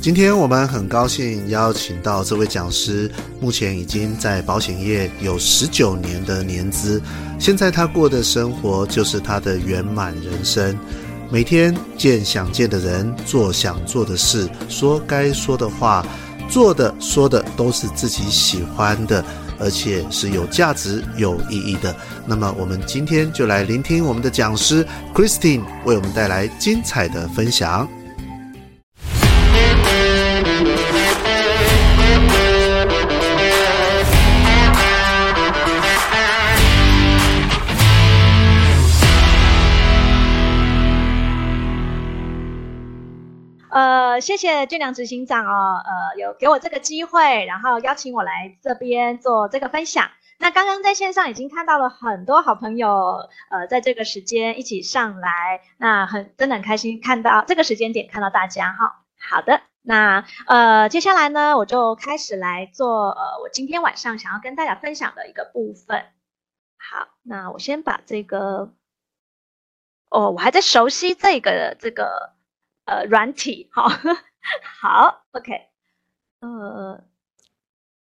今天我們很高興邀請到這位講師，目前已經在保險業有十九年的年資，現在他過的生活就是他的圓滿人生，每天見想見的人，做想做的事，說該說的話，做的說的都是自己喜歡的，而且是有價值有意義的。那麼我們今天就來聆聽我們的講師 Christine 為我們帶來精彩的分享。呃，謝謝俊良執行長哦，呃，有給我這個機會，然後邀請我來這邊做這個分享。那剛剛在線上已經看到了很多好朋友，呃，在這個時間一起上來，那很真的很開心看到這個時間點看到大家哈、哦。好的，那呃，接下來呢，我就開始來做呃，我今天晚上想要跟大家分享的一個部分。好，那我先把這個，哦，我還在熟悉這個這個。呃，軟體，好，好，OK，呃，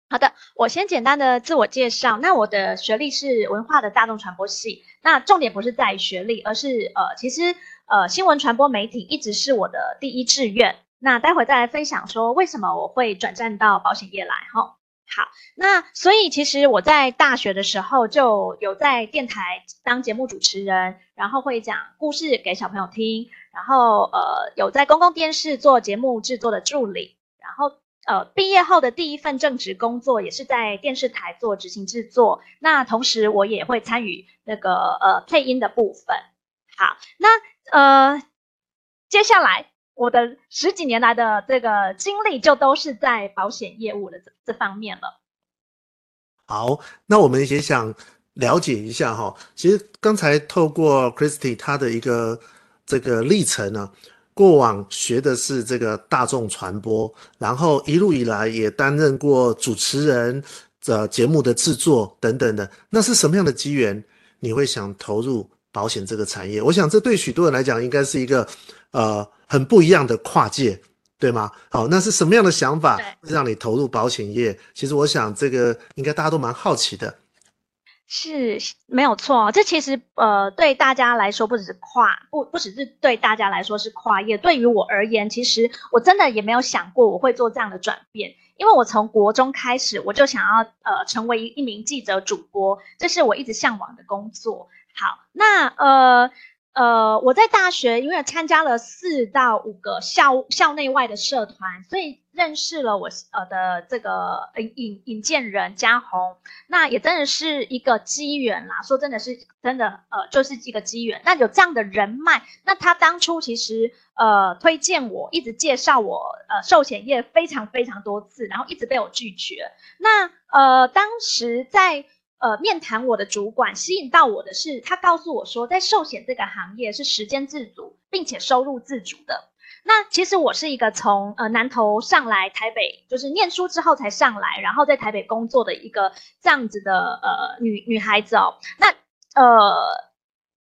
好的，我先簡單的自我介紹。那我的學歷是文化的大眾傳播系，那重點不是在學歷，而是呃，其實呃，新聞傳播媒體一直是我的第一志願。那待會再來分享說為什麼我會轉戰到保險業來，哈。好，那所以其實我在大學的時候就有在電台當節目主持人，然後會講故事給小朋友聽，然後呃，有在公共電視做節目製作的助理，然後呃畢業後的第一份正職工作也是在電視台做執行製作，那同時我也會參與那個呃配音的部分。好，那呃接下來。我的十幾年來的這個經歷，就都是在保險業務的這這方面了。好，那我們也想了解一下哈、哦，其實剛才透過 Christine 她的一個這個歷程呢、啊，過往學的是這個大眾傳播，然後一路以來也擔任過主持人、的節目的製作等等的，那是什麼樣的機緣，你會想投入？保險這個產業，我想這對許多人來講應該是一個，呃，很不一樣的跨界，對嗎？好，那是什麼樣的想法讓你投入保險業？對。其實我想這個應該大家都蠻好奇的。是，沒有錯。這其實呃，對大家來說不只是跨，不不只是對大家來說是跨業。對於我而言，其實我真的也沒有想過我會做這樣的轉變，因為我從國中開始我就想要呃成為一名記者主播，這是我一直向往的工作。好，那呃，呃，我在大學，因為我參加了四到五個校校內外的社團，所以認識了我呃的這個引引引薦人嘉宏。那也真的是一個機緣啦。說真的是真的，呃，就是一個機緣。那有這樣的人脈，那他當初其實呃推薦我一直介紹我呃壽險業非常非常多次，然後一直被我拒絕。那呃當時在。呃，面談我的主管，吸引到我的是，他告訴我說，在壽險這個行業是時間自主，並且收入自主的。那其實我是一個從呃南投上來台北，就是念書之後才上來，然後在台北工作的一個這樣子的呃女女孩子哦。那呃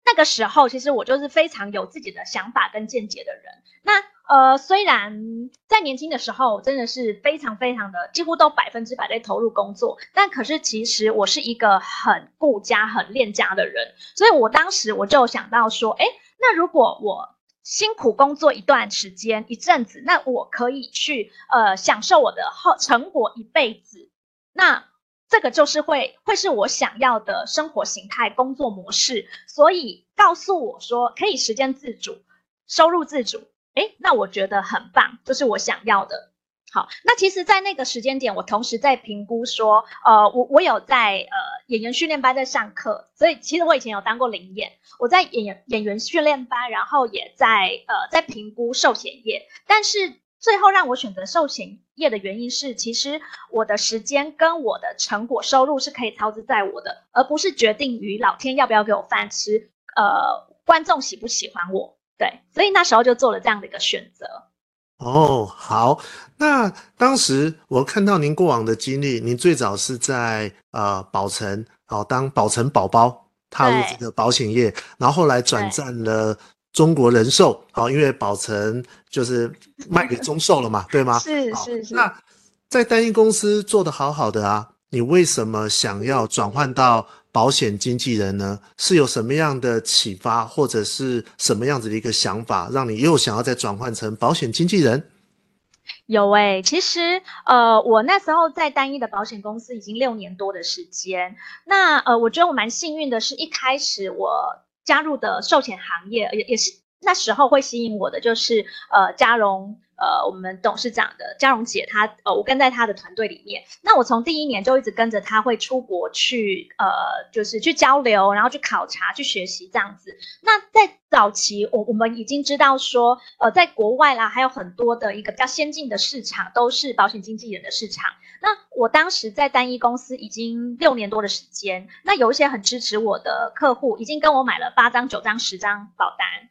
那個時候，其實我就是非常有自己的想法跟見解的人。那呃，雖然在年輕的時候真的是非常非常的，幾乎都百分之百，在投入工作，但可是其實我是一個很顧家很戀家的人，所以我當時我就想到說，哎，那如果我辛苦工作一段時間一陣子，那我可以去呃享受我的後成果一輩子，那這個就是會會是我想要的生活形態、工作模式。所以告訴我說，可以時間自主，收入自主。誒，那我覺得很棒，這是我想要的。好，那其實，在那個時間點，我同時在評估說，呃，我我有在呃演員訓練班在上課，所以其實我以前有當過臨演，我在演員演員訓練班，然後也在呃在評估壽險業。但是最後讓我選擇壽險業的原因是，其實我的時間跟我的成果收入是可以操之在我的，而不是決定於老天要不要給我飯吃，呃，觀眾喜不喜歡我。對，所以那時候就做了這樣的一個選擇。哦，好，那當時我看到您過往的經歷，您最早是在呃保誠哦當保誠寶寶踏入這個保險業，對然後後來轉戰了中國人壽好對、哦、因為保誠就是賣給中壽了嘛， 對嗎？是好是是。那在單一公司做得好好的啊，你為什麼想要轉換到？保險經紀人呢，是有什麼樣的啟發，或者是什麼樣子的一個想法，讓你又想要再轉換成保險經紀人？有哎、欸，其實呃，我那時候在單一的保險公司已經六年多的時間。那呃，我覺得我蠻幸運的，是一開始我加入的壽險行業，也也是那時候會吸引我的，就是呃，家榮。呃，我們董事長的嘉榮姐，她呃，我跟在她的團隊裡面。那我從第一年就一直跟着她，會出國去，呃，就是去交流，然後去考察，去學習這樣子。那在早期，我我們已經知道說，呃，在國外啦，還有很多的一個比較先進的市場，都是保險經紀人的市場。那我當時在單一公司已經六年多的時間，那有一些很支持我的客戶，已經跟我買了八張、九張、十張保單。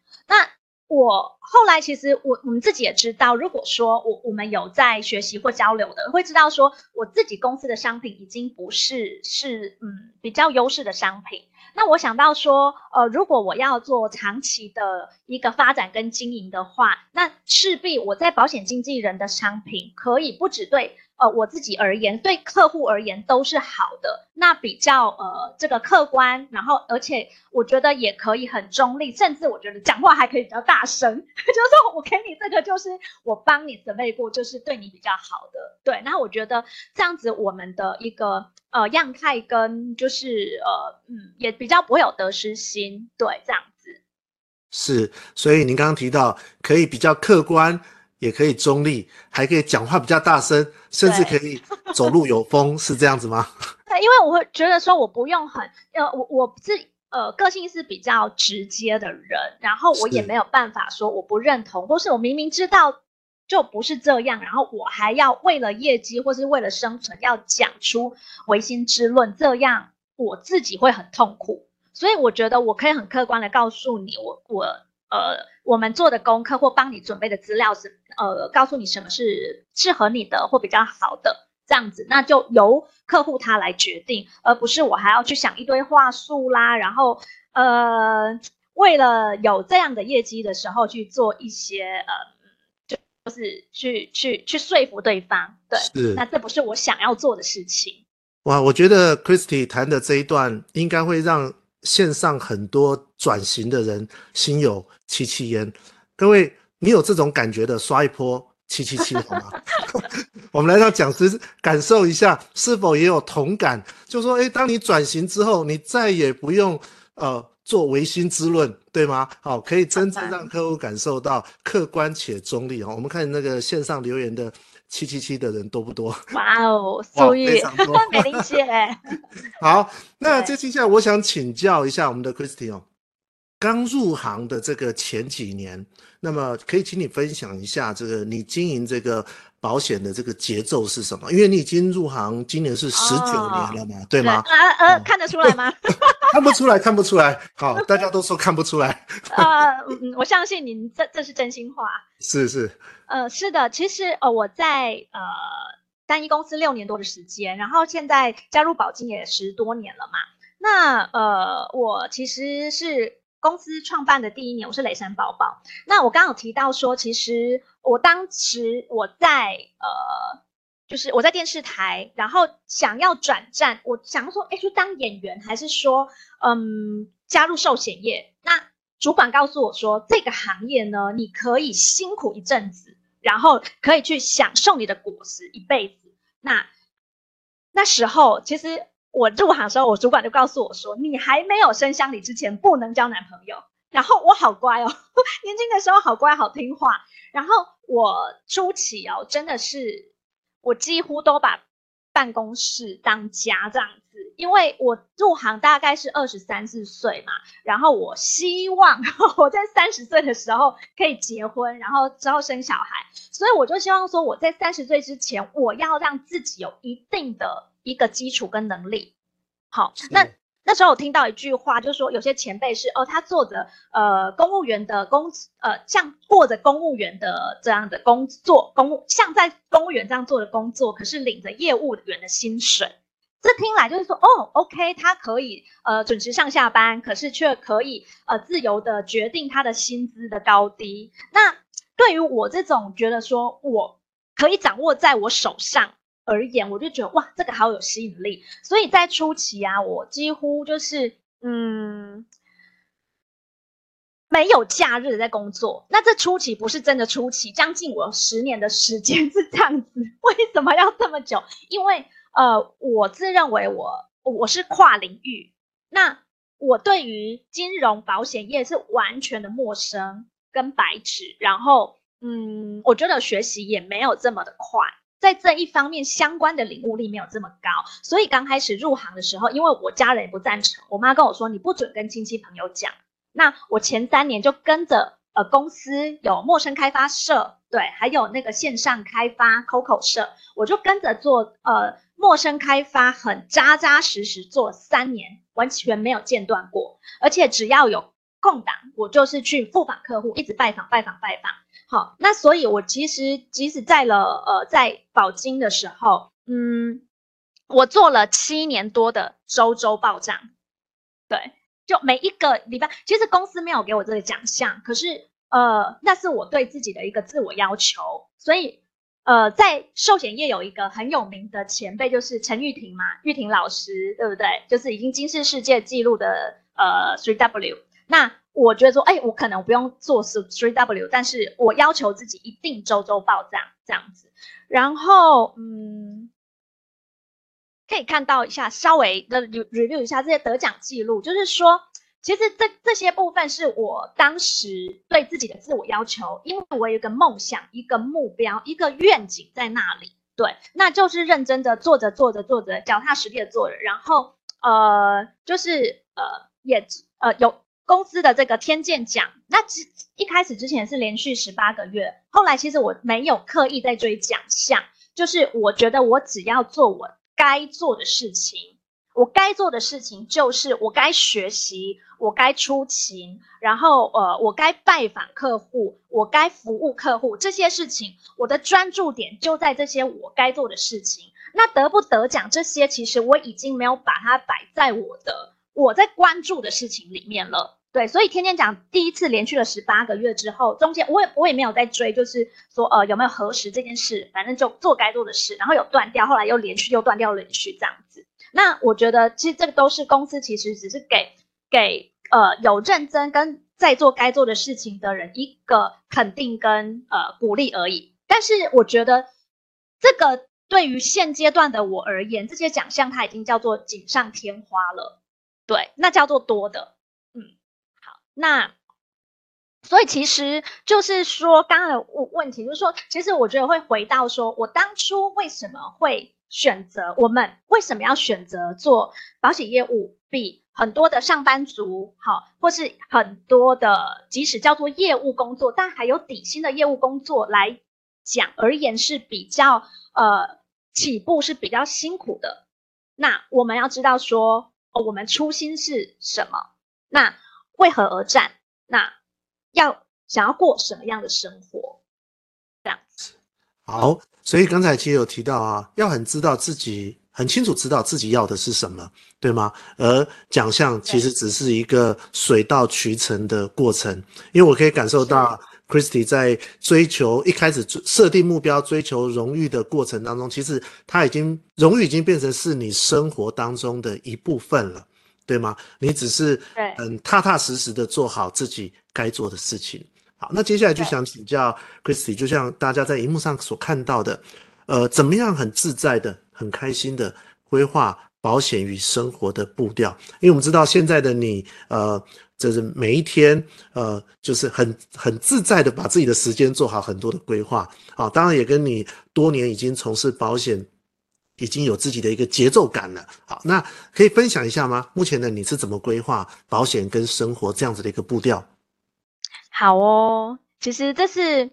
我後來其實我我們自己也知道，如果說我我們有在學習或交流的，會知道說我自己公司的商品已經不是是嗯比較優勢的商品。那我想到說，呃，如果我要做長期的一個發展跟經營的話，那勢必我在保險經紀人的商品可以不只對。呃，我自己而言，對客戶而言都是好的。那比較呃，這個客觀，然後而且我覺得也可以很中立，甚至我覺得講話還可以比較大聲，就是說我給你這個，就是我幫你準備過，就是對你比較好的。對，那我覺得這樣子我們的一個呃樣態跟就是呃嗯，也比較不會有得失心。對，這樣子是。所以您剛剛提到可以比較客觀。也可以中立，還可以講話比較大聲，甚至可以走路有風，對 是這樣子嗎？對，因為我覺得說我不用很呃，我我自己呃個性是比較直接的人，然後我也沒有辦法說我不認同，是或是我明明知道就不是這樣，然後我還要為了業績或是為了生存要講出違心之論，這樣我自己會很痛苦。所以我覺得我可以很客觀的告訴你，我我呃。我們做的功課或幫你準備的資料是，呃，告訴你什麼是適合你的或比較好的這樣子，那就由客戶他來決定，而不是我還要去想一堆話術啦，然後，呃，為了有這樣的業績的時候去做一些，呃，就就是去去去說服對方，對，是那這不是我想要做的事情。哇，我覺得 Christy 談的這一段應該會讓。線上很多轉型的人心有戚戚焉，各位，你有這種感覺的刷一波戚戚戚好嗎？ 我們來讓講師感受一下，是否也有同感？就說，誒、欸、當你轉型之後，你再也不用呃做唯心之論，對嗎？好，可以真正讓客戶感受到客觀且中立 我們看那個線上留言的。七七七的人多不多？Wow, 哇哦，受益解，非常感謝。好，對那接下來我想請教一下我們的 Christine 剛入行的這個前幾年，那麼可以請你分享一下這個你經營這個。保險的這個節奏是什麼？因為你已經入行，今年是十九年了嘛，oh. 對嗎？啊啊，看得出來嗎？ 看不出來，看不出來。好，大家都說看不出來。 uh, 嗯，我相信您這這是真心話。是是。呃，uh, 是的，其實呃我在呃單一公司六年多的時間，然後現在加入保經也十多年了嘛。那呃我其實是公司創辦的第一年，我是磊山寶寶。那我剛剛有提到說，其實。我當時我在呃，就是我在電視台，然後想要轉戰，我想要說，哎，去當演員還是說，嗯，加入壽險業？那主管告訴我說，這個行業呢，你可以辛苦一陣子，然後可以去享受你的果實一輩子。那那時候，其實我入行的時候，我主管就告訴我說，你還沒有升襄理之前，不能交男朋友。然後我好乖哦，年輕的時候好乖好聽話。然後我初期哦，真的是，我幾乎都把辦公室當家這樣子，因為我入行大概是二十三四歲嘛。然後我希望我在三十歲的時候可以結婚，然後之後生小孩，所以我就希望說我在三十歲之前，我要讓自己有一定的一個基礎跟能力。好，是那。那時候我聽到一句話，就是說有些前輩是哦，他做着呃公務員的工，呃像過着公務員的這樣的工作，公務像在公務員這樣做的工作，可是領着業務員的薪水。這聽來就是說哦，OK，他可以呃準時上下班，可是卻可以呃自由的決定他的薪資的高低。那對於我這種覺得說我可以掌握在我手上。而言，我就覺得哇，這個好有吸引力。所以在初期啊，我幾乎就是嗯，沒有假日在工作。那這初期不是真的初期，將近我十年的時間是這樣子。為什麼要這麼久？因為呃，我自認為我我是跨領域，那我對於金融保險業是完全的陌生跟白紙。然後嗯，我覺得學習也沒有這麼的快。在這一方面相關的領悟力沒有這麼高，所以剛開始入行的時候，因為我家人也不贊成，我媽跟我說，你不准跟親戚朋友講。那我前三年就跟着呃公司有陌生開發社，對，還有那個線上開發 COCO 社，我就跟着做呃陌生開發，很扎扎實實做三年，完全沒有間斷過，而且只要有空檔，我就是去複訪客戶，一直拜訪拜訪拜訪。好，那所以，我其實即使在了，呃，在保經的時候，嗯，我做了七年多的周周報賬，對，就每一個禮拜，其實公司沒有給我這個獎項，可是，呃，那是我對自己的一個自我要求，所以，呃，在壽險業有一個很有名的前輩，就是陳玉婷嘛，玉婷老師，對不對？就是已經金氏世界紀錄的，呃，three W，那。我覺得說，哎，我可能不用做 3W，但是我要求自己一定周周報帳這樣子。然後，嗯，可以看到一下，稍微的 review 一下這些得獎記錄，就是說，其實這這些部分是我當時對自己的自我要求，因為我有一個夢想、一個目標、一個願景在那裡。對，那就是認真的做着做着做着，腳踏實地的做着。然後，呃，就是呃，也呃有。公司的這個天健獎，那之一開始之前是連續十八個月，後來其實我沒有刻意在追獎項，就是我覺得我只要做我該做的事情，我該做的事情就是我該學習，我該出勤，然後呃我該拜訪客戶，我該服務客戶這些事情，我的專注點就在這些我該做的事情，那得不得獎這些其實我已經沒有把它擺在我的。我在關注的事情裡面了，對，所以天天講第一次連續了十八個月之後，中間我也我也沒有在追，就是說呃有沒有核實這件事，反正就做該做的事，然後有斷掉，後來又連續又斷掉又連續這樣子。那我覺得其實這個都是公司其實只是給給呃有認真跟在做該做的事情的人一個肯定跟呃鼓勵而已。但是我覺得這個對於現階段的我而言，這些獎項它已經叫做錦上添花了。對，那叫做多的，嗯，好，那所以其實就是說，剛剛的問問題就是說，其實我覺得會回到說，我當初為什麼會選擇我們為什麼要選擇做保險業務，比很多的上班族，好，或是很多的即使叫做業務工作，但還有底薪的業務工作來講而言是比較，呃，起步是比較辛苦的。那我們要知道說。我們初心是什麼？那為何而戰？那要想要過什麼樣的生活？這樣子。好，所以剛才其實有提到啊，要很知道自己，很清楚知道自己要的是什麼，對嗎？而獎項其實只是一個水到渠成的過程，對因為我可以感受到。Christy 在追求一開始設定目標、追求榮譽的過程當中，其實他已經榮譽已經變成是你生活當中的一部分了，對嗎？你只是嗯踏踏實實的做好自己該做的事情。好，那接下來就想請教 Christy，對就像大家在熒幕上所看到的，呃，怎麼樣很自在的、很開心的規劃保險與生活的步調？因為我們知道現在的你，呃。就是每一天，呃，就是很很自在的把自己的時間做好很多的規劃，好，當然也跟你多年已經從事保險，已經有自己的一個節奏感了，好，那可以分享一下嗎？目前呢，你是怎麼規劃保險跟生活這樣子的一個步調？好哦，其實這是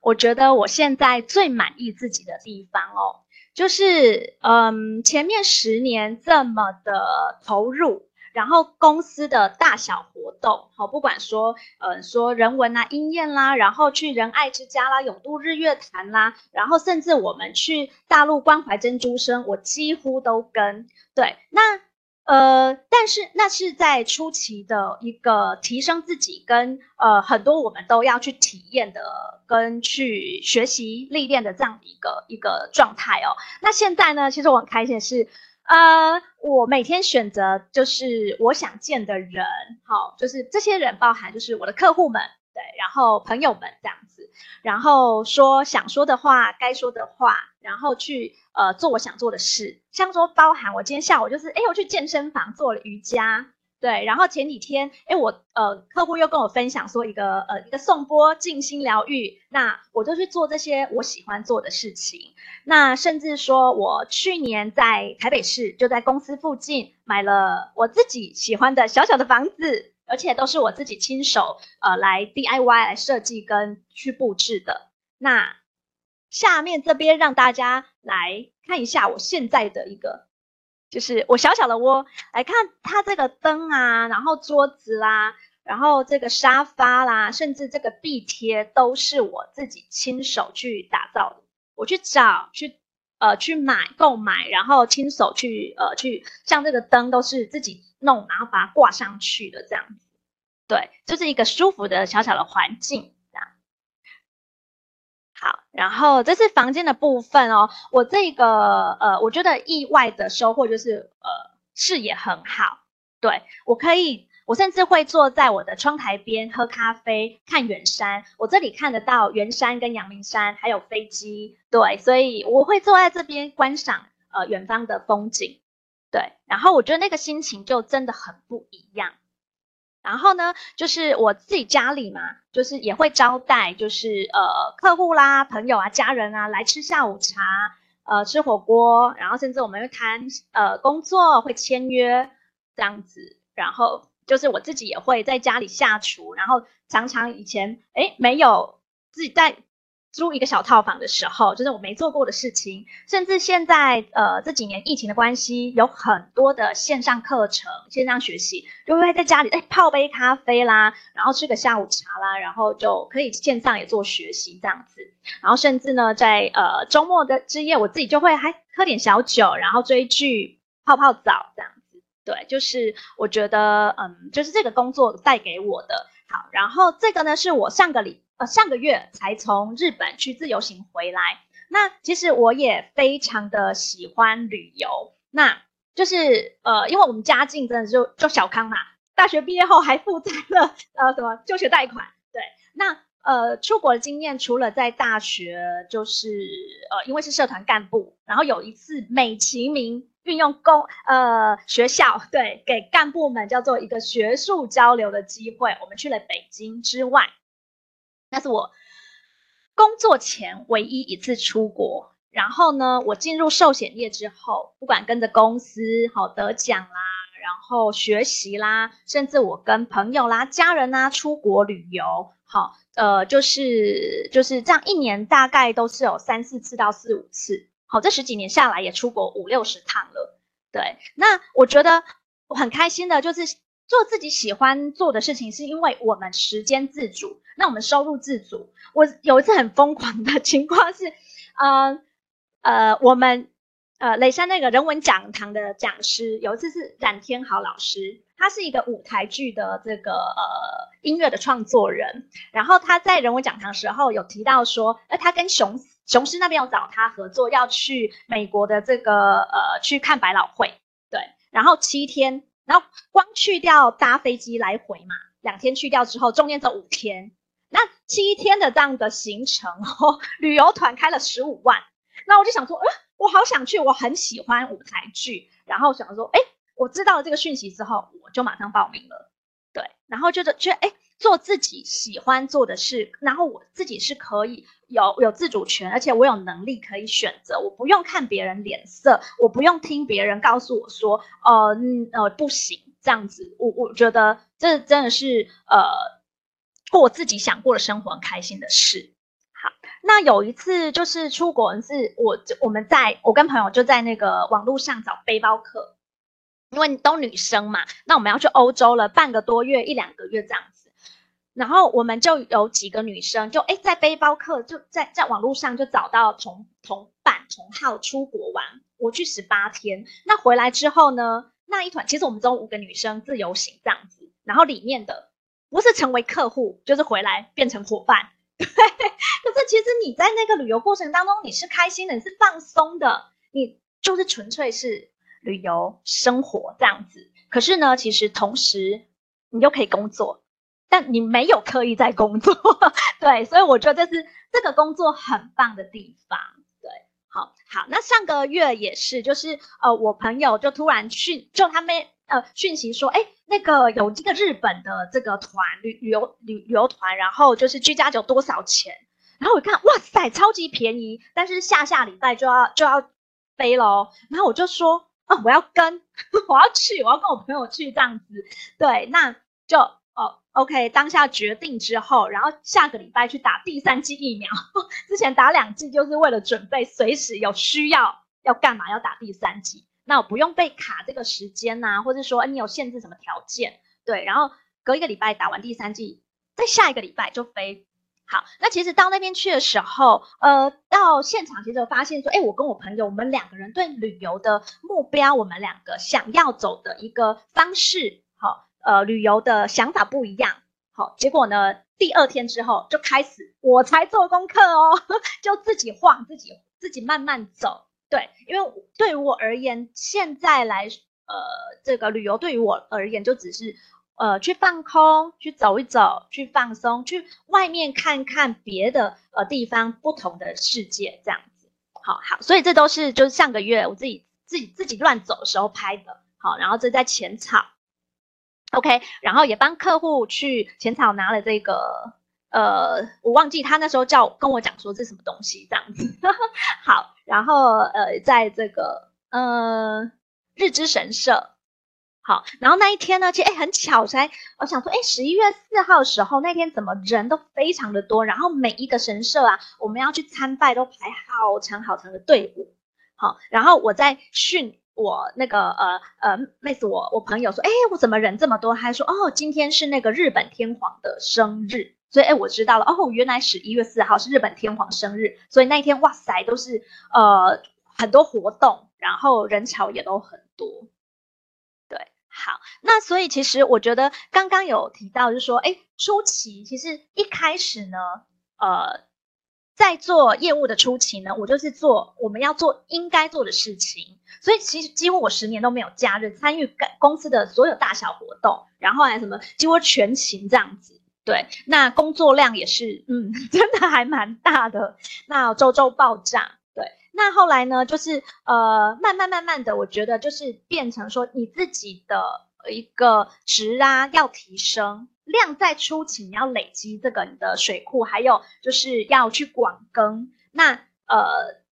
我覺得我現在最滿意自己的地方哦，就是嗯，前面十年這麼的投入。然後公司的大小活動，好，不管說，嗯、呃，說人文啦、啊、音樂啦，然後去仁愛之家啦、泳渡日月潭啦，然後甚至我們去大陸關懷珍珠生，我幾乎都跟。對，那，呃，但是那是在初期的一個提升自己跟，呃，很多我們都要去體驗的跟去學習歷練的這樣的一個一個狀態哦。那現在呢，其實我很開心的是。呃，uh, 我每天選擇就是我想見的人，好，就是這些人包含就是我的客戶們，對，然後朋友們這樣子，然後說想說的話，該說的話，然後去呃做我想做的事，像說包含我今天下午就是，哎、欸，我去健身房做了瑜伽。對，然後前幾天，哎，我呃，客戶又跟我分享說一個呃，一個頌缽靜心療癒，那我就去做這些我喜歡做的事情。那甚至說，我去年在台北市，就在公司附近買了我自己喜歡的小小的房子，而且都是我自己親手呃來 DIY 來設計跟去布置的。那下面這邊讓大家來看一下我現在的一個，就是我小小的窩，來看它這個燈啊，然後桌子啦、啊，然後這個沙發啦、啊，甚至這個壁貼都是我自己親手去打造的。我去找去呃去買購買，然後親手去呃去像這個燈都是自己弄，然後把它掛上去的這樣子。對，就是一個舒服的小小的環境。好，然後這是房間的部分哦。我這個呃，我覺得意外的收穫就是呃，視野很好。對，我可以，我甚至會坐在我的窗台邊喝咖啡，看遠山。我這裡看得到圓山跟陽明山，還有飛機。對，所以我會坐在這邊觀賞呃遠方的風景。對，然後我覺得那個心情就真的很不一樣。然後呢，就是我自己家裡嘛，就是也會招待，就是呃客戶啦、朋友啊、家人啊來吃下午茶，呃吃火鍋，然後甚至我們會談呃工作，會簽約這樣子。然後就是我自己也會在家裡下廚，然後常常以前誒沒有自己在，租一個小套房的時候，就是我沒做過的事情，甚至現在，呃，這幾年疫情的關係，有很多的線上課程、線上學習，就會在家裡，誒，泡杯咖啡啦，然後吃個下午茶啦，然後就可以線上也做學習這樣子。然後甚至呢，在呃周末的之夜，我自己就會還喝點小酒，然後追劇、泡泡澡這樣子。對，就是我覺得，嗯，就是這個工作帶給我的好。然後這個呢，是我上個禮。呃，上個月才從日本去自由行回來，那其實我也非常的喜歡旅遊。那就是呃，因為我們家境真的就就小康嘛啊。大學畢業後還負債了，呃，什麼就學貸款。對。那呃，出國的經驗除了在大學，就是呃，因為是社團幹部，然後有一次美其名運用公、呃學校對給幹部們叫做一個學術交流的機會，我們去了北京之外。那是我工作前唯一一次出國。然後呢，我進入壽險業之後，不管跟着公司，好得獎啦，然後學習啦，甚至我跟朋友啦、家人啦出國旅遊，好，呃，就是就是這樣，一年大概都是有三四次到四五次。好，這十幾年下來也出國五六十趟了。對，那我覺得很開心的就是。做自己喜歡做的事情，是因為我們時間自主，那我們收入自主。我有一次很瘋狂的情況是，呃，呃，我們呃雷山那個人文講堂的講師，有一次是冉天豪老師，他是一個舞台劇的這個呃音樂的創作人，然後他在人文講堂時候有提到說，呃，他跟雄雄獅那邊有找他合作，要去美國的這個呃去看百老匯，對，然後七天。然後光去掉搭飛機來回嘛，兩天去掉之後，中間這五天，那七天的這樣的行程，哦，旅遊團開了十五萬。那我就想說，呃，我好想去，我很喜歡舞台劇，然後想說，哎，我知道了這個訊息之後，我就馬上報名了。對，然後就是覺得，哎，做自己喜歡做的事，然後我自己是可以。有有自主權，而且我有能力可以選擇，我不用看別人臉色，我不用聽別人告訴我說，呃，呃，不行，這樣子，我我覺得這真的是呃過自己想過的生活，很開心的事。好，那有一次就是出國人是，是我就我們在我跟朋友就在那個網絡上找背包客，因為都女生嘛，那我們要去歐洲了半個多月，一兩個月這樣子。然後我們就有幾個女生就，就哎，在背包客就在在網絡上就找到同同伴同號出國玩，我去十八天。那回來之後呢，那一團其實我們中五個女生自由行這樣子。然後裡面的不是成為客戶，就是回來變成夥伴。對。可是，其實你在那個旅遊過程當中，你是開心的，你是放鬆的，你就是純粹是旅遊生活這樣子。可是呢，其實同時你又可以工作。但你沒有刻意在工作，對，所以我覺得這是這個工作很棒的地方，對，好好。那上個月也是，就是呃，我朋友就突然訊，就他們呃訊息說，哎，那個有這個日本的這個團旅旅遊旅遊團，然後就是居家酒多少錢？然後我看，哇塞，超級便宜，但是下下禮拜就要就要飛嘍。然後我就說，哦、呃，我要跟，我要去，我要跟我朋友去這樣子，對，那就。O、oh, K，、okay, 當下決定之後，然後下個禮拜去打第三劑疫苗。之前打兩劑，就是為了準備，隨時有需要要幹嘛要打第三劑。那我不用被卡這個時間吶、啊，或者說哎，你有限制什麼條件？對，然後隔一個禮拜打完第三劑，再下一個禮拜就飛。好，那其實到那邊去的時候，呃，到現場其實我發現說，哎，我跟我朋友我們兩個人對旅遊的目標，我們兩個想要走的一個方式，好、哦。呃，旅遊的想法不一樣，好，結果呢，第二天之後就開始，我才做功課哦，就自己晃，自己自己慢慢走，對，因為對於我而言，現在來，呃，這個旅遊對於我而言就只是，呃，去放空，去走一走，去放鬆，去外面看看別的呃地方不同的世界這樣子，好好，所以這都是就是上個月我自己自己自己亂走的時候拍的，好，然後這在淺草 OK，然後也幫客戶去淺草拿了這個，呃，我忘記他那時候叫我跟我講說這是什麼東西這樣子。 好，然後呃，在這個呃日枝神社，好，然後那一天呢，其實誒很巧才，我想說哎十一月四號的時候那天怎麼人都非常的多，然後每一個神社啊我們要去參拜都排好長好長的隊伍。好，然後我在訓。我那個呃呃，妹、呃、子，我我朋友說，哎，我怎麼人這麼多？還說，哦，今天是那個日本天皇的生日，所以哎，我知道了，哦，原來十一月四號是日本天皇生日，所以那一天，哇塞，都是呃很多活動，然後人潮也都很多。對，好，那所以其實我覺得剛剛有提到，就是說，哎，初期其實一開始呢，呃。在做業務的初期呢，我就是做我們要做應該做的事情，所以其實幾乎我十年都沒有假日，參與公司的所有大小活動，然後還什麼幾乎全勤這樣子。對，那工作量也是，嗯，真的還蠻大的，那週週爆炸。對，那後來呢，就是呃，慢慢慢慢的，我覺得就是變成說你自己的一個值啊要提升。量在初期你要累積這個你的水庫，還有就是要去廣耕。那呃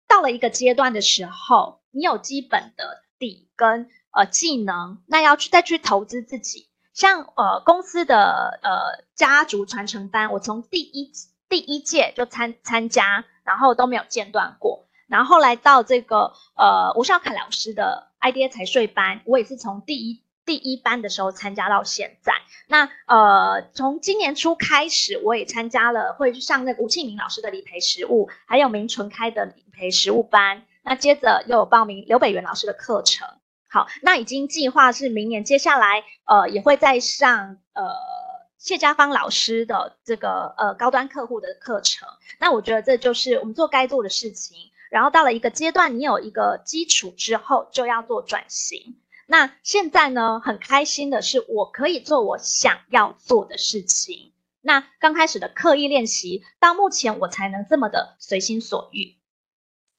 到了一個階段的時候，你有基本的底跟呃技能，那要去再去投資自己。像呃公司的呃家族傳承班，我從第一第一屆就參參加，然後都沒有間斷過。然後來到這個呃吳少凱老師的 IDA 財稅班，我也是從第一。第一班的時候參加到現在。那呃，從今年初開始，我也參加了，會去上那個吳慶明老師的理賠實務，還有明純開的理賠實務班。那接着又有報名劉北元老師的課程。好，那已經計劃是明年接下來，呃，也會再上呃謝家芳老師的這個呃高端客戶的課程。那我覺得這就是我們做該做的事情。然後到了一個階段，你有一個基礎之後，就要做轉型。那現在呢？很開心的是，我可以做我想要做的事情。那剛開始的刻意練習，到目前我才能這麼的隨心所欲。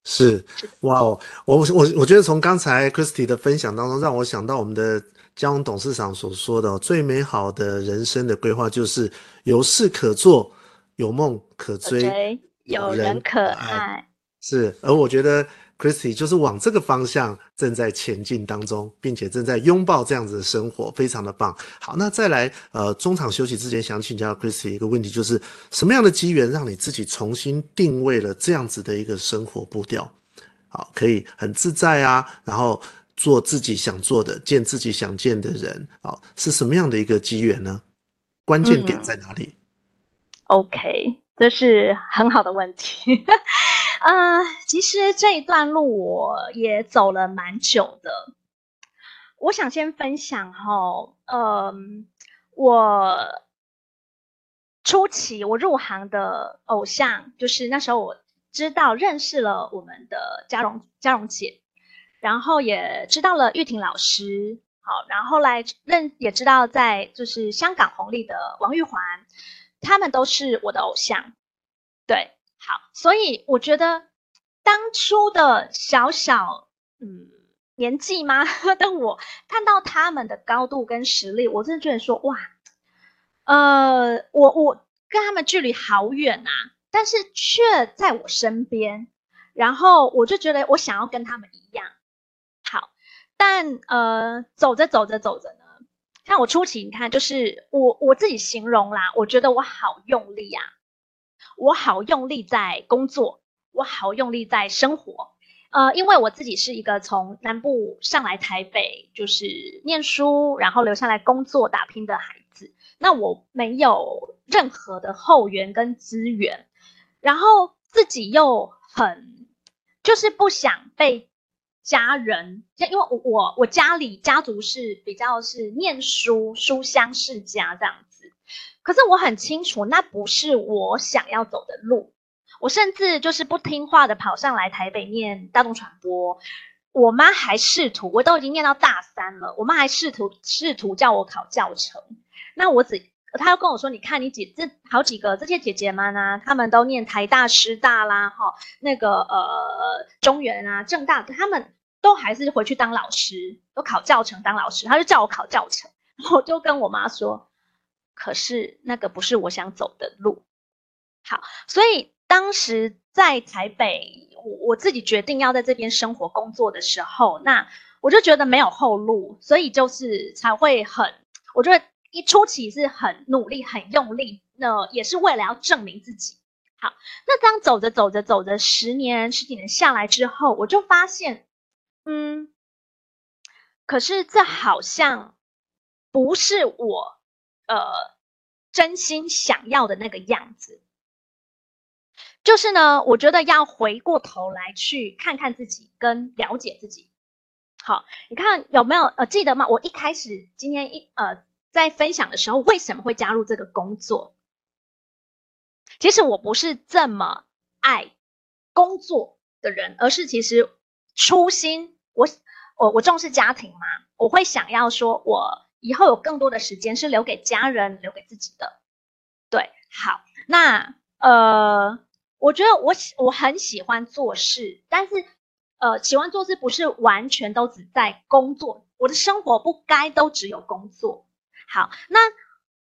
是，哇哦！我我我覺得從剛才 Christine 的分享當中，讓我想到我們的嘉榮董事長所說的最美好的人生的規劃，就是有事可做，有夢可追，okay, 有人可愛、哎。是，而我覺得。Christy 就是往這個方向正在前進當中，並且正在擁抱這樣子的生活，非常的棒。好，那再來，呃，中場休息之前想請教 Christy 一個問題，就是什麼樣的機緣讓你自己重新定位了這樣子的一個生活步調？好，可以很自在啊，然後做自己想做的，見自己想見的人。好，是什麼樣的一個機緣呢？關鍵點在哪裡？Mm-hmm. OK。這是很好的問題， 呃，其實這一段路我也走了蠻久的。我想先分享哈、哦呃，我初期我入行的偶像，就是那時候我知道認識了我們的嘉榮嘉榮姐，然後也知道了玉婷老師，好，然後來認也知道在就是香港紅利的王玉環。他們都是我的偶像，對，好，所以我覺得當初的小小嗯年紀嘛，但我看到他們的高度跟實力，我真的覺得說哇，呃，我我跟他們距離好遠啊，但是卻在我身邊，然後我就覺得我想要跟他們一樣好，但呃，走着走着走着呢。像我初期，你看，就是我我自己形容啦，我覺得我好用力啊，我好用力在工作，我好用力在生活，呃，因為我自己是一個從南部上來台北，就是念書，然後留下來工作打拼的孩子，那我沒有任何的後援跟資源，然後自己又很，就是不想被。家人，因為我，我我我家裡家族是比較是念書書香世家這樣子，可是我很清楚那不是我想要走的路，我甚至就是不聽話的跑上來台北念大眾傳播，我媽還試圖，我都已經念到大三了，我媽還試圖試圖叫我考教程，那我只，她又跟我說，你看你姐這好幾個這些姐姐們啊，她們都念台大師大啦，哈、哦，那個呃中原啊政大她們。都還是回去當老師，都考教程當老師，他就叫我考教程，我就跟我媽說，可是那個不是我想走的路。好，所以當時在台北，我我自己決定要在這邊生活工作的時候，那我就覺得沒有後路，所以就是才會很，我覺得一初期是很努力、很用力，那也是為了要證明自己。好，那當走着走着走着，十年十幾年下來之後，我就發現。嗯，可是這好像不是我呃真心想要的那個樣子。就是呢，我覺得要回過頭來去看看自己，跟了解自己。好，你看有沒有呃記得嗎？我一開始今天一呃在分享的時候，為什麼會加入這個工作？其實我不是這麼愛工作的人，而是其實初心。我我我重視家庭嘛，我會想要說，我以後有更多的時間是留給家人，留給自己的。對，好，那呃，我覺得我我很喜歡做事，但是呃，喜歡做事不是完全都只在工作，我的生活不該都只有工作。好，那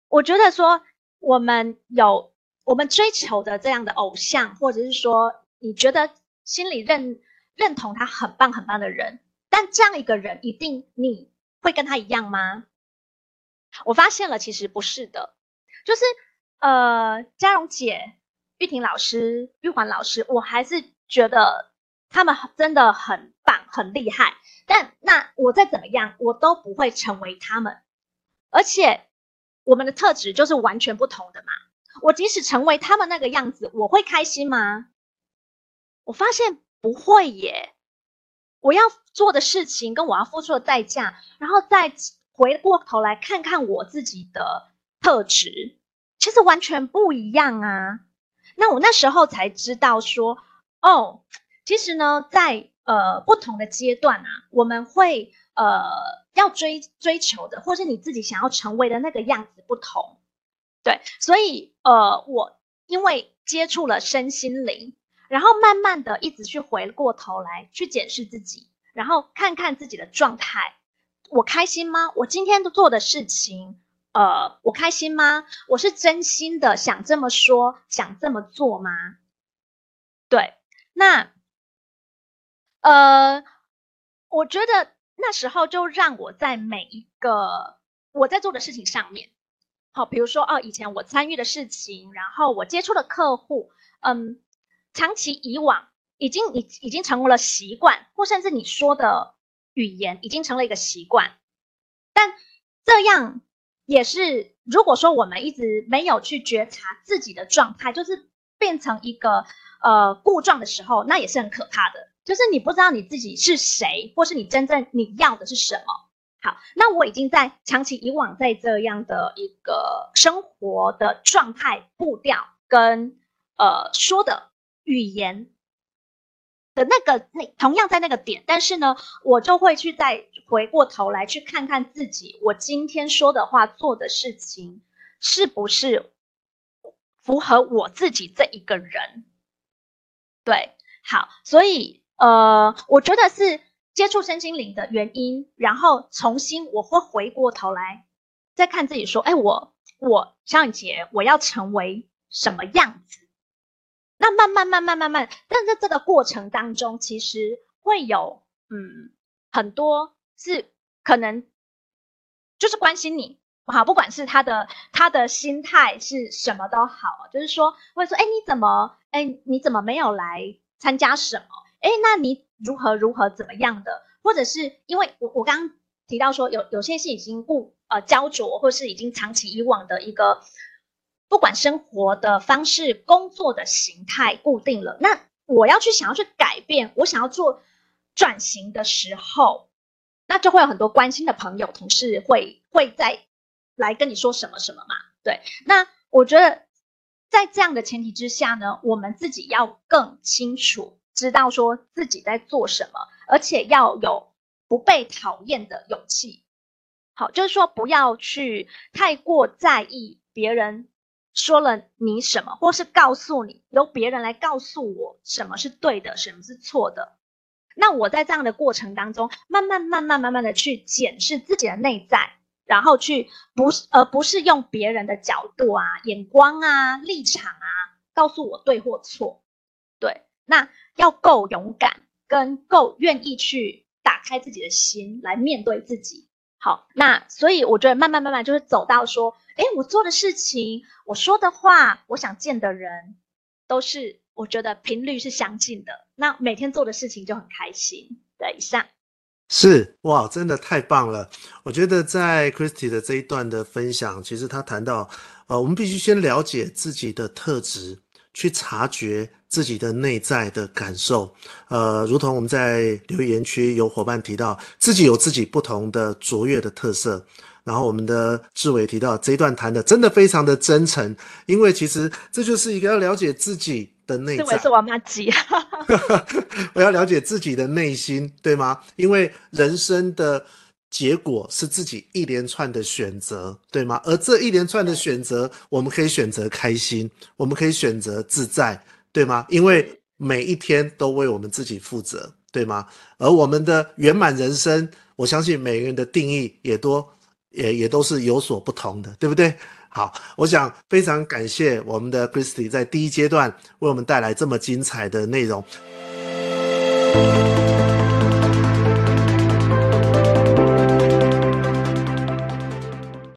我覺得說，我們有我們追求的這樣的偶像，或者是說，你覺得心裡認認同他很棒很棒的人，但這樣一個人一定你會跟他一樣嗎？我發現了，其實不是的。就是呃，嘉榮姐、玉婷老師、玉環老師，我還是覺得他們真的很棒、很厲害。但那我再怎麼樣，我都不會成為他們，而且我們的特質就是完全不同的嘛。我即使成為他們那個樣子，我會開心嗎？我發現。不會耶，我要做的事情跟我要付出的代價，然後再回過頭來看看我自己的特質，其實完全不一樣啊。那我那時候才知道說，哦，其實呢，在呃不同的階段啊，我們會呃要追追求的，或是你自己想要成為的那個樣子不同。對，所以呃，我因為接觸了身心靈。然後慢慢的，一直去回過頭來去檢視自己，然後看看自己的狀態，我開心嗎？我今天都做的事情，呃，我開心嗎？我是真心的想這麼說，想這麼做嗎？對，那，呃，我覺得那時候就讓我在每一個我在做的事情上面，好，比如說哦，以前我參與的事情，然後我接觸的客戶，嗯。長期以往，已經已已經成為了習慣，或甚至你說的語言已經成了一個習慣。但這樣也是，如果說我們一直沒有去覺察自己的狀態，就是變成一個呃故障的時候，那也是很可怕的。就是你不知道你自己是誰，或是你真正你要的是什麼。好，那我已經在長期以往在這樣的一個生活的狀態步調跟呃說的。語言的那個那同樣在那個點，但是呢，我就會去再回過頭來去看看自己，我今天說的話、做的事情是不是符合我自己這一個人？對，好，所以呃，我覺得是接觸身心靈的原因，然後重新我會回過頭來再看自己，說，哎，我我蕭尹婕，我要成為什麼樣子？那慢慢慢慢慢慢，但在這個過程當中，其實會有嗯很多是可能，就是關心你好，不管是他的他的心態是什麼都好，就是說會說，哎，你怎麼哎你怎麼沒有來參加什麼哎，那你如何如何怎麼樣的，或者是因為我我剛剛提到說有有些是已經不呃焦灼，或是已經長期以往的一個。不管生活的方式、工作的形態固定了，那我要去想要去改變，我想要做轉型的時候，那就會有很多關心的朋友、同事會會再來跟你說什麼什麼嘛？對，那我覺得在這樣的前提之下呢，我們自己要更清楚知道說自己在做什麼，而且要有不被討厭的勇氣。好，就是說不要去太過在意別人。說了你什麼，或是告訴你由別人來告訴我什麼是對的，什麼是錯的。那我在這樣的過程當中，慢慢、慢慢、慢慢的去檢視自己的內在，然後去不是、呃、而不是用別人的角度啊、眼光啊、立場啊，告訴我對或錯。對，那要夠勇敢，跟夠願意去打開自己的心來面對自己。好，那所以我覺得慢慢、慢慢就是走到說。哎，我做的事情，我說的話，我想見的人，都是我覺得頻率是相近的。那每天做的事情就很開心。對，以上。是哇，真的太棒了。我覺得在 Christine 的這一段的分享，其實他談到，呃，我們必須先了解自己的特質，去察覺。自己的內在的感受，呃，如同我們在留言區有伙伴提到，自己有自己不同的卓越的特色。然後我們的志偉提到，這一段談的真的非常的真誠，因為其實這就是一個要了解自己的內在。志偉是王八雞。 我要了解自己的內心，對嗎？因為人生的結果是自己一連串的選擇，對嗎？而這一連串的選擇，對我們可以選擇開心，我們可以選擇自在。對嗎？因為每一天都為我們自己負責，對嗎？而我們的圓滿人生，我相信每個人的定義也都，也也都是有所不同的，對不對？好，我想非常感謝我們的 Christy 在第一階段為我們帶來這麼精彩的內容。